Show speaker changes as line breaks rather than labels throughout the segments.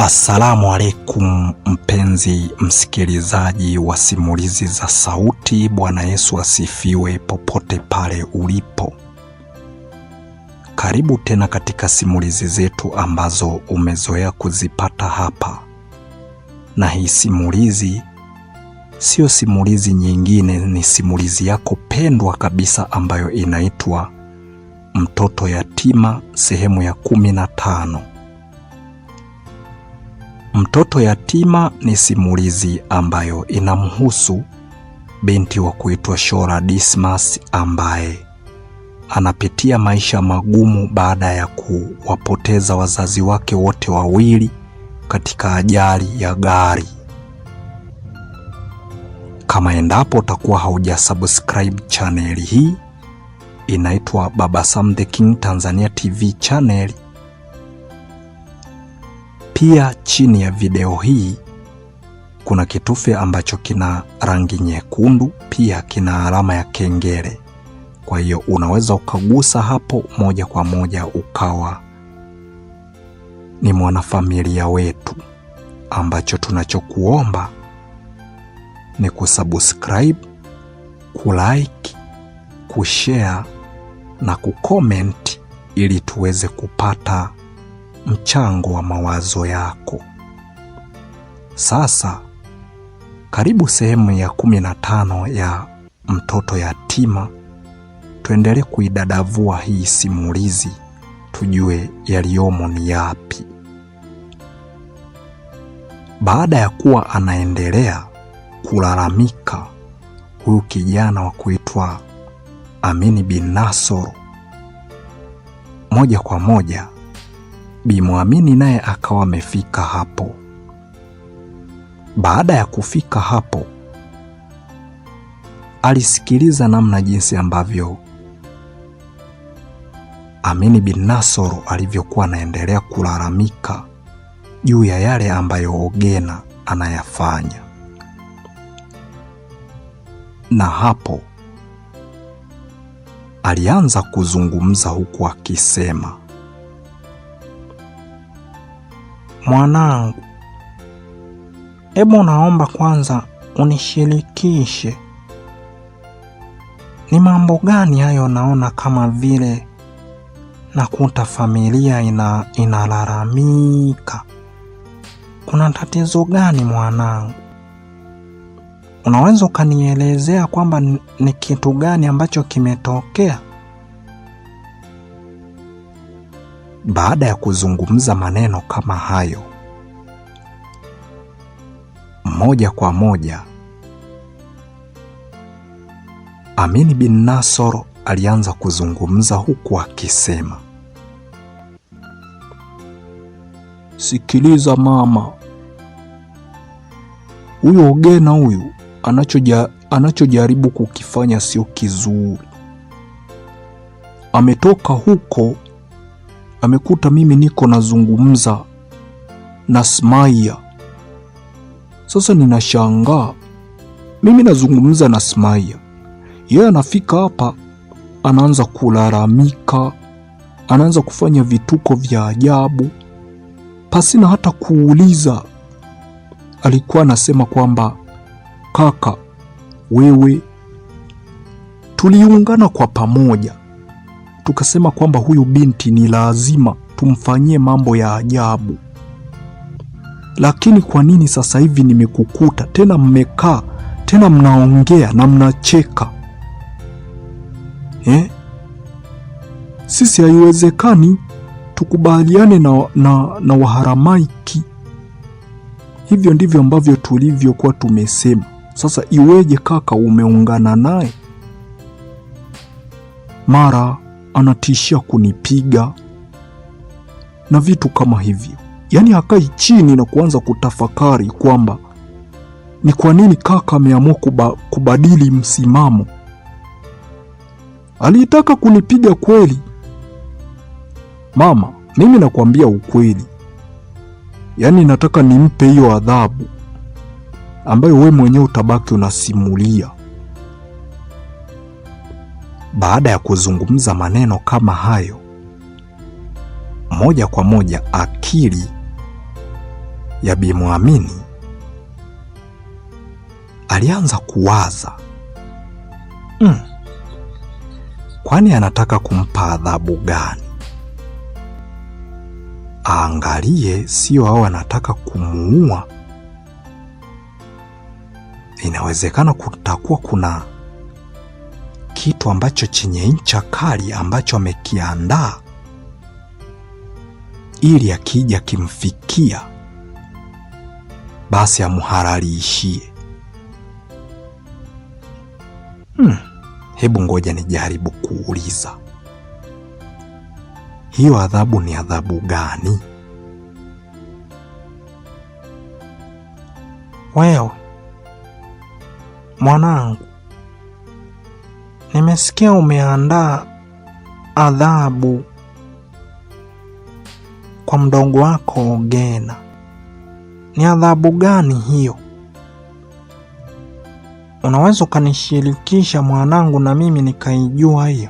Assalamu alaikum, mpenzi msikilizaji wa simulizi za sauti. Bwana Yesu asifiwe popote pale ulipo. Karibu tena katika simulizi zetu ambazo umezoea kuzipata hapa, na hii simulizi siyo simulizi nyingine, ni simulizi yako pendwa kabisa ambayo inaitwa Mtoto Yatima sehemu ya kumi na tano. Mtoto yatima ni simulizi ambayo inamhusu binti wa kuitwa Shora Dismas ambaye anapitia maisha magumu baada ya kuwapoteza wazazi wake wote wawili katika ajali ya gari. Kama endapo utakuwa haujasubscribe chaneli hii, inaitwa Baba Sam the King Tanzania TV channel pia chini ya video hii kuna kitufe ambacho kina rangi nyekundu, pia kina alama ya kengele. Kwa hiyo unaweza ukagusa hapo moja kwa moja ukawa ni mwanafamilia wetu. Ambacho tunachokuomba ni kusubscribe, kulike, kushare na kucomment ili tuweze kupata mchango wa mawazo yako. Sasa karibu sehemu ya 15 ya mtoto yatima, tuendelee kuidadavua hii simulizi, tujue yaliyomo ni yapi. Baada ya kuwa anaendelea kulalamika huyu kijana wa kuitwa Amini bin Nasoro, moja kwa moja Bimwamini naye akawa amefika hapo. Baada ya kufika hapo, alisikiliza namna jinsi ambavyo Amini bin Nasoro alivyokuwa anaendelea kulalamika juu ya yale ambayo Ogena anayafanya, na hapo alianza kuzungumza huku akisema
Mwanangu, hebu naomba kwanza unishirikishe, ni mambo gani hayo naona kama vile nakuta familia ina inalalamika? Kuna tatizo gani mwanangu? Unaweza ukanielezea kwamba ni kitu gani ambacho kimetokea?
Baada ya kuzungumza maneno kama hayo, moja kwa moja Amin bin Nasor alianza kuzungumza huku akisema,
sikiliza mama, huyo Ogena huyu anachoja, anachojaribu kukifanya sio kizuri. Ametoka huko amekuta mimi niko nazungumza na Smaia. Sasa ninashangaa mimi nazungumza na Smaia, yeye anafika hapa anaanza kulalamika, anaanza kufanya vituko vya ajabu pasina hata kuuliza. Alikuwa anasema kwamba kaka, wewe tuliungana kwa pamoja tukasema kwamba huyu binti ni lazima tumfanyie mambo ya ajabu. Lakini kwa nini sasa hivi nimekukuta tena mmekaa tena mnaongea na mnacheka eh? Sisi haiwezekani tukubaliane na, na, na waharamaiki. Hivyo ndivyo ambavyo tulivyokuwa tumesema. Sasa iweje kaka umeungana naye mara anatishia kunipiga na vitu kama hivyo. Yaani hakai chini na kuanza kutafakari kwamba ni kwa nini kaka ameamua kuba, kubadili msimamo. Alitaka kunipiga kweli. Mama, mimi nakwambia ukweli, yaani nataka nimpe hiyo adhabu ambayo we mwenyewe utabaki unasimulia.
Baada ya kuzungumza maneno kama hayo, moja kwa moja akili ya Bi alianza kuwaza mm, kwani anataka kumpa adhabu gani? Aangalie sio au anataka kumuua. Inawezekana kutakuwa kuna kitu ambacho chenye ncha kali ambacho amekiandaa ili akija kimfikia basi amuhararishie Hmm, hebu ngoja nijaribu kuuliza hiyo adhabu ni adhabu gani?
Wewe mwanangu, Nimesikia umeandaa adhabu kwa mdogo wako Ogena. Ni adhabu gani hiyo? Unaweza ukanishirikisha mwanangu, na mimi nikaijua hiyo?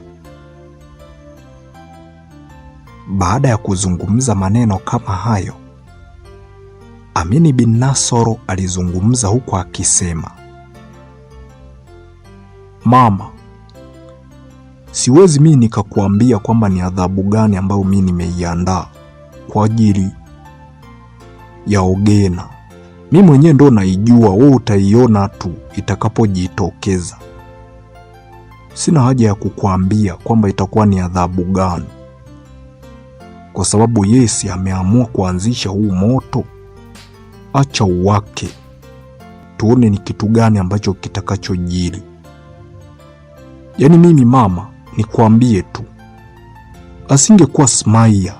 Baada ya kuzungumza maneno kama hayo, Amini bin Nasoro alizungumza huku akisema,
mama siwezi mimi nikakuambia kwamba ni adhabu gani ambayo mimi nimeiandaa kwa ajili ya Ogena. Mimi mwenyewe ndo naijua, wewe utaiona tu itakapojitokeza. Sina haja ya kukwambia kwamba itakuwa ni adhabu gani, kwa sababu Yesi ameamua kuanzisha huu moto. Acha uwake, tuone ni kitu gani ambacho kitakachojiri. Yaani mimi mama Nikwambie tu, asingekuwa Smaia,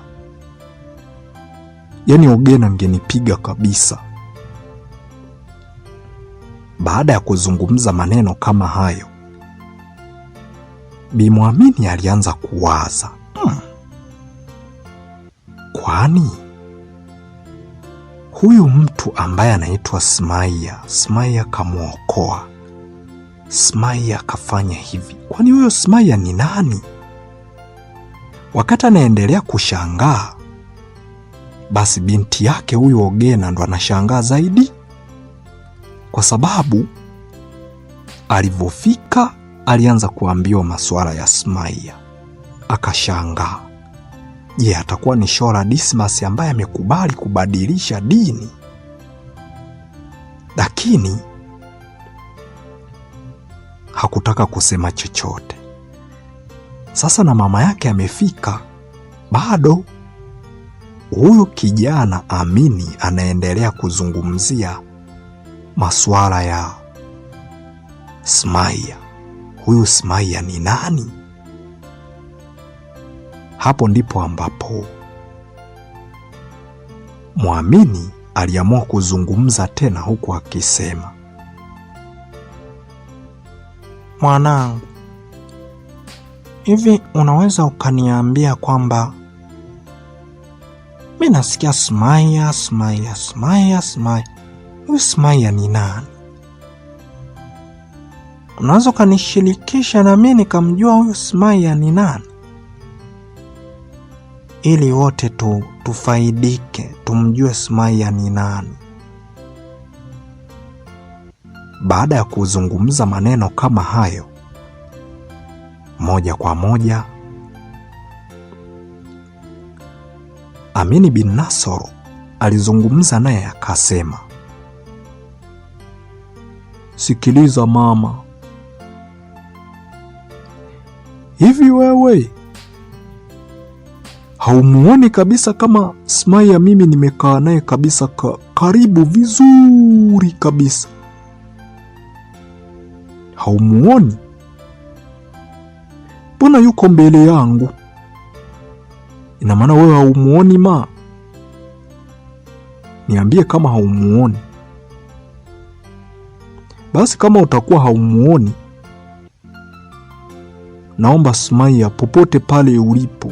yaani Ogena angenipiga kabisa.
Baada ya kuzungumza maneno kama hayo, Bimwamini alianza kuwaza hmm, kwani huyu mtu ambaye anaitwa Smaia, Smaia kamwokoa Smaya akafanya hivi. Kwani huyo Smaya ni nani? Wakati anaendelea kushangaa, basi binti yake huyo Ogena ndo anashangaa zaidi, kwa sababu alivyofika alianza kuambiwa masuala ya Smaya akashangaa. Je, atakuwa ni Shora Dismas ambaye amekubali kubadilisha dini? Lakini hakutaka kusema chochote. Sasa na mama yake amefika, bado huyu kijana Amini anaendelea kuzungumzia masuala ya Smaia. Huyu Smaia ni nani? Hapo ndipo ambapo Mwamini aliamua kuzungumza tena, huku akisema
Mwanangu, hivi unaweza ukaniambia kwamba mi nasikia Smaia, Smaia, Smaia, Smaia, huyu Smaia ni nani? Unaweza ukanishirikisha na mi nikamjua huyu Smaia ni nani, ili wote tu tufaidike, tumjue Smaia ni nani.
Baada ya kuzungumza maneno kama hayo, moja kwa moja Amini bin Nasr alizungumza naye akasema,
sikiliza mama, hivi wewe haumuoni kabisa kama Smaya? Mimi nimekaa naye kabisa ka, karibu vizuri kabisa haumuoni? Mbona yuko mbele yangu? Ina maana wewe haumuoni? Ma, niambie kama haumuoni. Basi kama utakuwa haumuoni, naomba Sumaia, popote pale ulipo,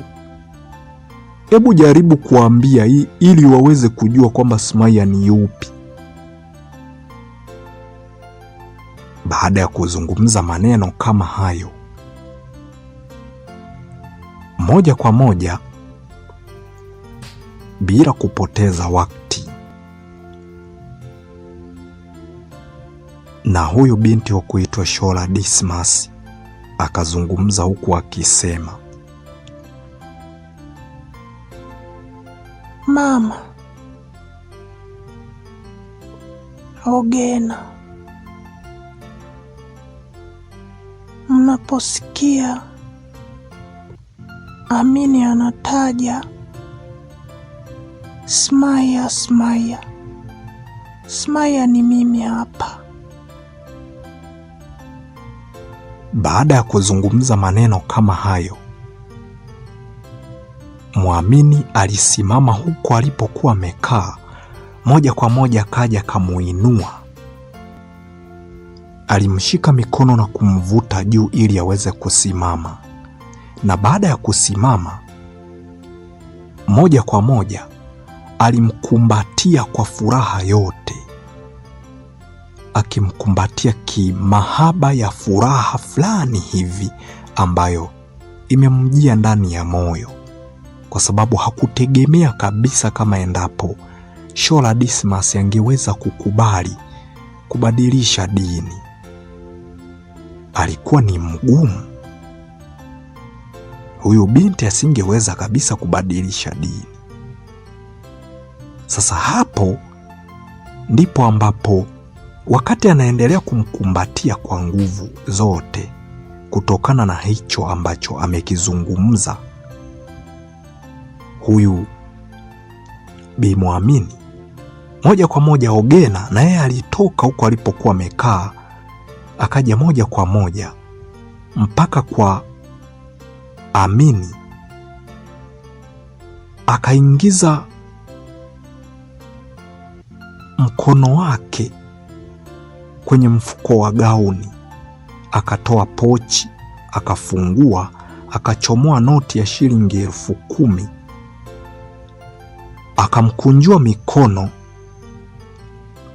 hebu jaribu kuambia ili waweze kujua kwamba Sumaia ni yupi.
Baada ya kuzungumza maneno kama hayo, moja kwa moja bila kupoteza wakati, na huyu binti wa kuitwa Shola Dismas akazungumza huku akisema,
mama Ogena mnaposikia Amini anataja Smaya, Smaya, Smaya ni mimi hapa.
Baada ya kuzungumza maneno kama hayo, Mwamini alisimama huko alipokuwa amekaa, moja kwa moja kaja kamuinua Alimshika mikono na kumvuta juu ili aweze kusimama, na baada ya kusimama moja kwa moja alimkumbatia kwa furaha yote, akimkumbatia kimahaba ya furaha fulani hivi ambayo imemjia ndani ya moyo, kwa sababu hakutegemea kabisa kama endapo Shola Dismas angeweza kukubali kubadilisha dini alikuwa ni mgumu. Huyu binti asingeweza kabisa kubadilisha dini. Sasa hapo ndipo ambapo wakati anaendelea kumkumbatia kwa nguvu zote kutokana na hicho ambacho amekizungumza huyu bimwamini, moja kwa moja Ogena na yeye alitoka huko alipokuwa amekaa akaja moja kwa moja mpaka kwa Amini, akaingiza mkono wake kwenye mfuko wa gauni, akatoa pochi, akafungua, akachomoa noti ya shilingi elfu kumi, akamkunjua mikono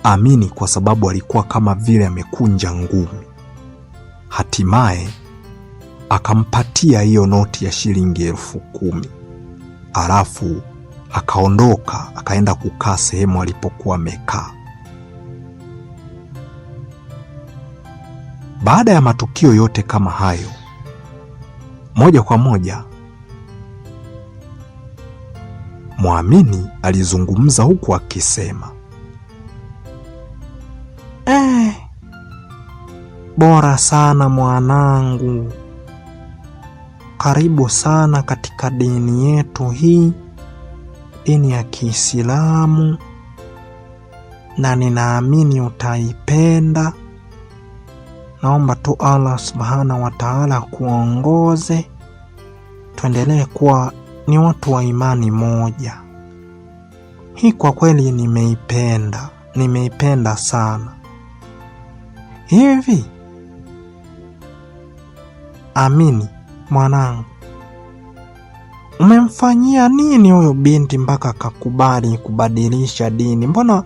Amini kwa sababu alikuwa kama vile amekunja ngumi. Hatimaye akampatia hiyo noti ya shilingi elfu kumi alafu akaondoka akaenda kukaa sehemu alipokuwa amekaa. Baada ya matukio yote kama hayo, moja kwa moja Mwamini alizungumza huku akisema
Bora sana mwanangu, karibu sana katika dini yetu hii, dini ya Kiislamu, na ninaamini utaipenda. Naomba tu Allah subhanahu wa taala kuongoze, tuendelee kuwa ni watu wa imani moja. Hii kwa kweli nimeipenda, nimeipenda sana. Hivi Amini mwanangu, umemfanyia nini huyo binti mpaka akakubali kubadilisha dini? Mbona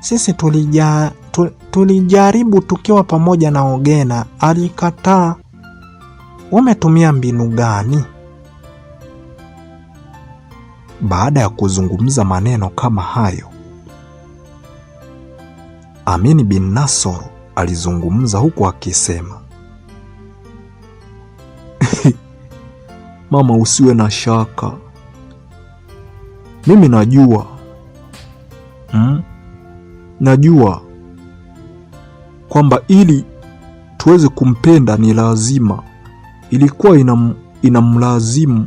sisi tulija, tu, tulijaribu tukiwa pamoja na Ogena alikataa. Umetumia mbinu gani?
Baada ya kuzungumza maneno kama hayo, Amini bin Nasoro alizungumza huku akisema
Mama, usiwe na shaka, mimi najua hmm? Najua kwamba ili tuweze kumpenda ni lazima, ilikuwa inam, inamlazimu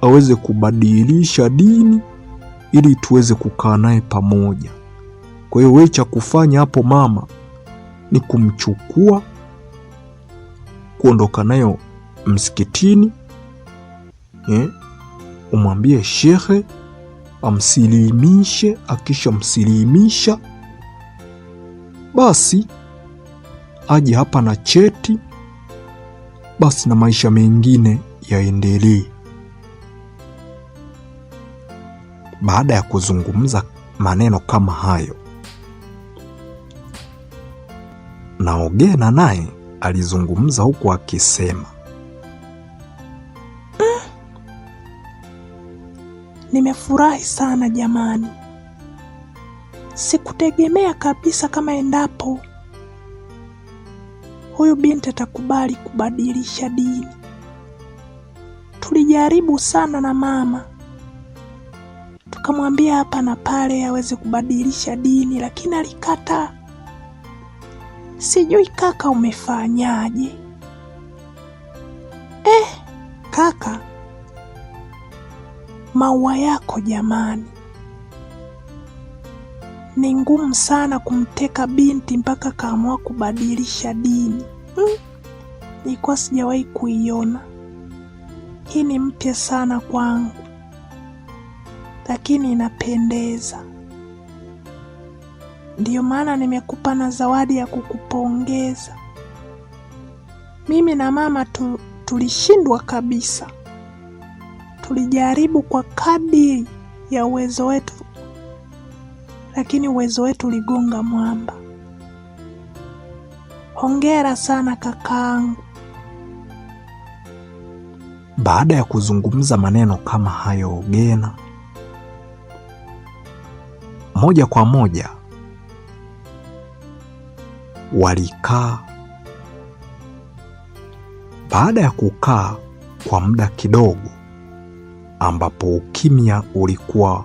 aweze kubadilisha dini ili tuweze kukaa naye pamoja. Kwa hiyo wewe cha kufanya hapo mama ni kumchukua kuondoka nayo msikitini eh, umwambie shekhe amsilimishe. Akishamsilimisha basi aje hapa na cheti, basi na maisha mengine yaendelee.
Baada ya kuzungumza maneno kama hayo, naogena naye alizungumza huku akisema
Nimefurahi sana jamani. Sikutegemea kabisa kama endapo huyu binti atakubali kubadilisha dini. Tulijaribu sana na mama, tukamwambia hapa na pale aweze kubadilisha dini, lakini alikataa. Sijui kaka, umefanyaje? Eh, kaka maua yako jamani. Ni ngumu sana kumteka binti mpaka kaamua kubadilisha dini hmm. Nilikuwa sijawahi kuiona hii, ni mpya sana kwangu, lakini inapendeza. Ndiyo maana nimekupa na zawadi ya kukupongeza. Mimi na mama tu, tulishindwa kabisa tulijaribu kwa kadi ya uwezo wetu, lakini uwezo wetu uligonga mwamba. Hongera sana kakaangu.
Baada ya kuzungumza maneno kama hayo, Gena moja kwa moja walikaa. Baada ya kukaa kwa muda kidogo ambapo ukimya ulikuwa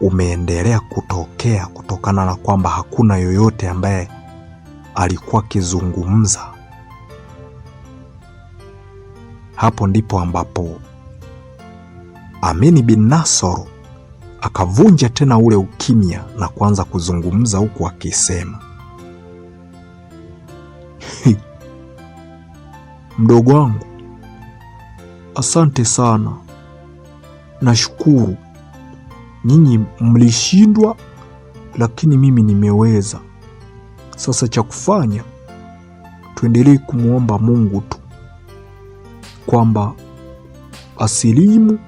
umeendelea kutokea kutokana na kwamba hakuna yoyote ambaye alikuwa akizungumza. Hapo ndipo ambapo Amini bin Nasoro akavunja tena ule ukimya na kuanza kuzungumza huku akisema,
mdogo wangu asante sana, nashukuru. Nyinyi mlishindwa, lakini mimi nimeweza. Sasa cha kufanya, tuendelee kumwomba Mungu tu kwamba asilimu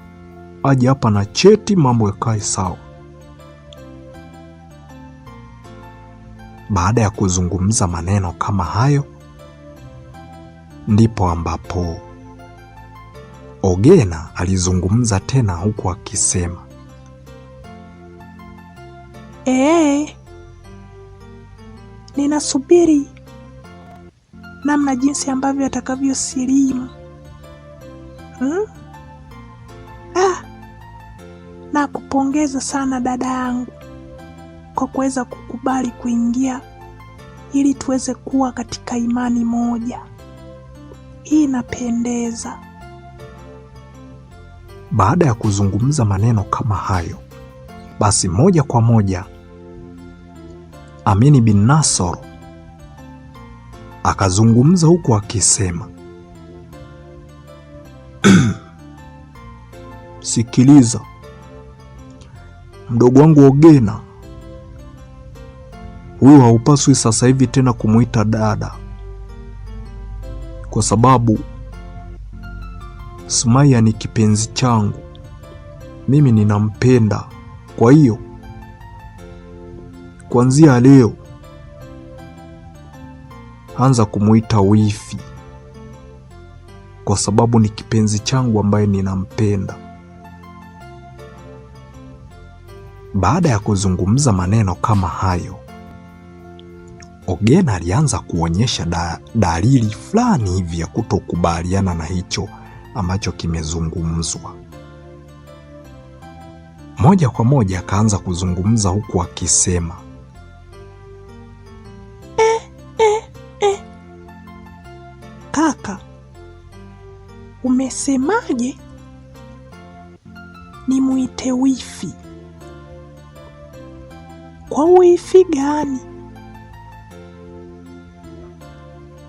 aje hapa na cheti, mambo yakae sawa.
Baada ya kuzungumza maneno kama hayo, ndipo ambapo Ogena alizungumza tena huku akisema,
ee, ninasubiri namna jinsi ambavyo atakavyosilimu hmm? Ah, na kupongeza sana dada yangu kwa kuweza kukubali kuingia ili tuweze kuwa katika imani moja. Hii inapendeza.
Baada ya kuzungumza maneno kama hayo, basi moja kwa moja Amini bin Nasor akazungumza huku akisema,
sikiliza mdogo wangu Ogena, huyu haupaswi sasa hivi tena kumwita dada, kwa sababu Sumaya ni kipenzi changu, mimi ninampenda. Kwa hiyo kuanzia leo anza kumwita wifi, kwa sababu ni kipenzi changu ambaye ninampenda.
Baada ya kuzungumza maneno kama hayo, Ogena alianza kuonyesha da dalili fulani hivi ya kutokubaliana na hicho ambacho kimezungumzwa. Moja kwa moja akaanza kuzungumza huku akisema
eh, eh, eh. Kaka, umesemaje? Nimwite wifi? Kwa wifi gani?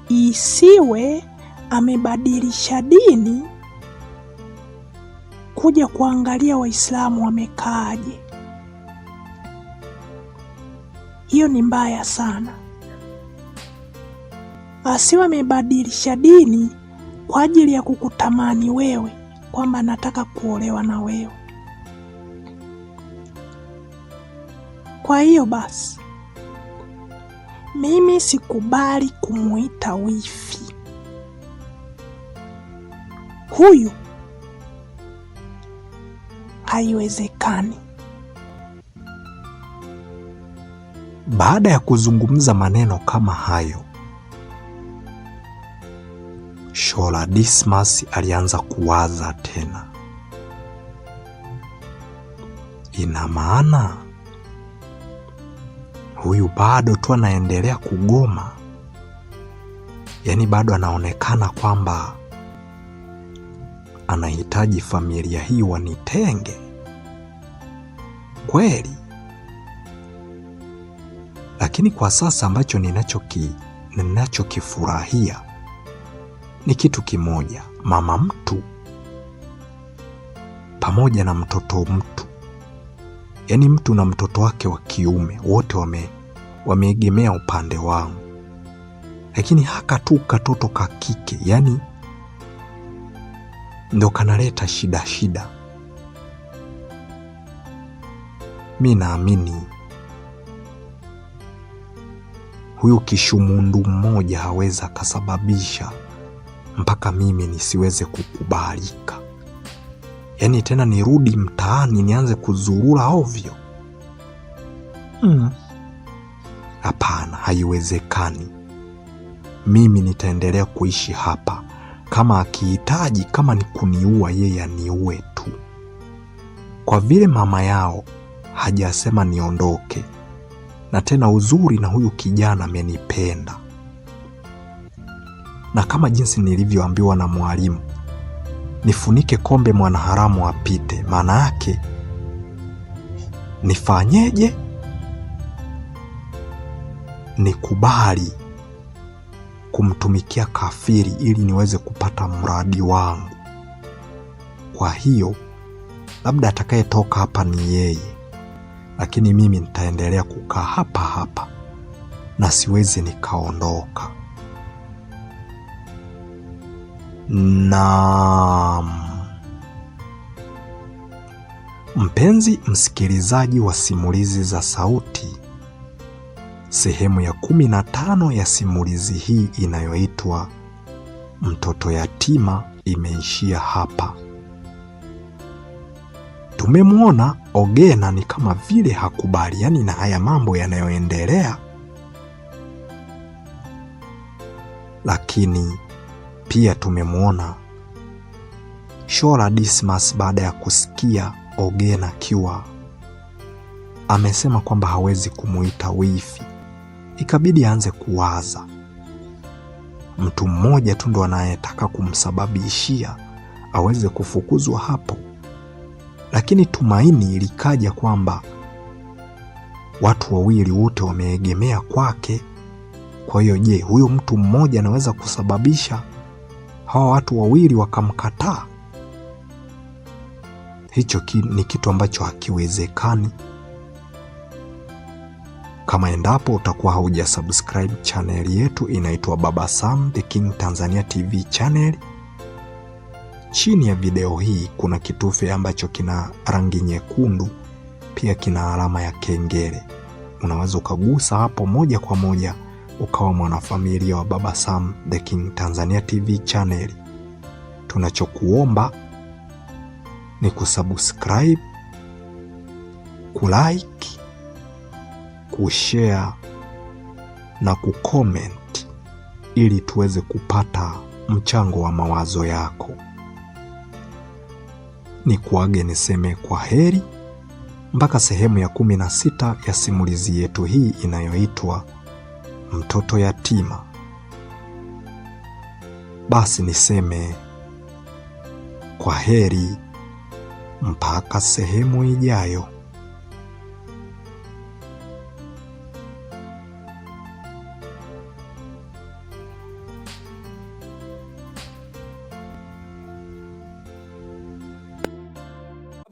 Isiwe amebadilisha dini kuja kuangalia Waislamu wamekaaje. Hiyo ni mbaya sana, asi wamebadilisha dini kwa ajili ya kukutamani wewe kwamba nataka kuolewa na wewe. Kwa hiyo basi, mimi sikubali kumuita wifi huyu haiwezekani.
Baada ya kuzungumza maneno kama hayo, Shola Dismas alianza kuwaza tena. Ina maana huyu bado tu anaendelea kugoma, yaani bado anaonekana kwamba anahitaji familia hii wanitenge kweli, lakini kwa sasa ambacho ninachoki ninachokifurahia ni kitu kimoja, mama mtu pamoja na mtoto mtu, yaani mtu na mtoto wake wa kiume wote wame wameegemea upande wangu, lakini haka tu katoto ka kike, yaani ndo kanaleta shida shida. mi naamini huyu kishumundu mmoja haweza akasababisha mpaka mimi nisiweze kukubalika, yaani tena nirudi mtaani nianze kuzurura ovyo. Hmm. Hapana, Haiwezekani. Mimi nitaendelea kuishi hapa, kama akihitaji, kama ni kuniua yeye aniue tu, kwa vile mama yao hajasema niondoke, na tena uzuri na huyu kijana amenipenda, na kama jinsi nilivyoambiwa na mwalimu nifunike kombe mwanaharamu apite. Maana yake nifanyeje? Nikubali kumtumikia kafiri ili niweze kupata mradi wangu. Kwa hiyo labda atakayetoka hapa ni yeye lakini mimi nitaendelea kukaa hapa hapa na siwezi nikaondoka. na Mpenzi msikilizaji wa simulizi za sauti, sehemu ya kumi na tano ya simulizi hii inayoitwa Mtoto Yatima imeishia hapa. Tumemwona Ogena ni kama vile hakubaliani na haya mambo yanayoendelea, lakini pia tumemwona Shola Dismas baada ya kusikia Ogena kiwa amesema kwamba hawezi kumuita wifi, ikabidi aanze kuwaza mtu mmoja tu ndo anayetaka kumsababishia aweze kufukuzwa hapo lakini tumaini likaja kwamba watu wawili wote wameegemea kwake. Kwa hiyo, je, huyo mtu mmoja anaweza kusababisha hawa watu wawili wakamkataa? Hicho ki, ni kitu ambacho hakiwezekani.
Kama endapo utakuwa hauja subscribe chaneli yetu, inaitwa Baba Sam The King Tanzania TV channel Chini ya video hii kuna kitufe ambacho kina rangi nyekundu, pia kina alama ya kengele. Unaweza ukagusa hapo moja kwa moja ukawa mwanafamilia wa Baba Sam The King Tanzania TV channel. Tunachokuomba ni kusubscribe, kulike, kushare na kucomment ili tuweze kupata mchango wa mawazo yako ni kuage niseme kwa heri mpaka sehemu ya kumi na sita ya simulizi yetu hii inayoitwa Mtoto Yatima. Basi niseme kwa heri mpaka sehemu ijayo.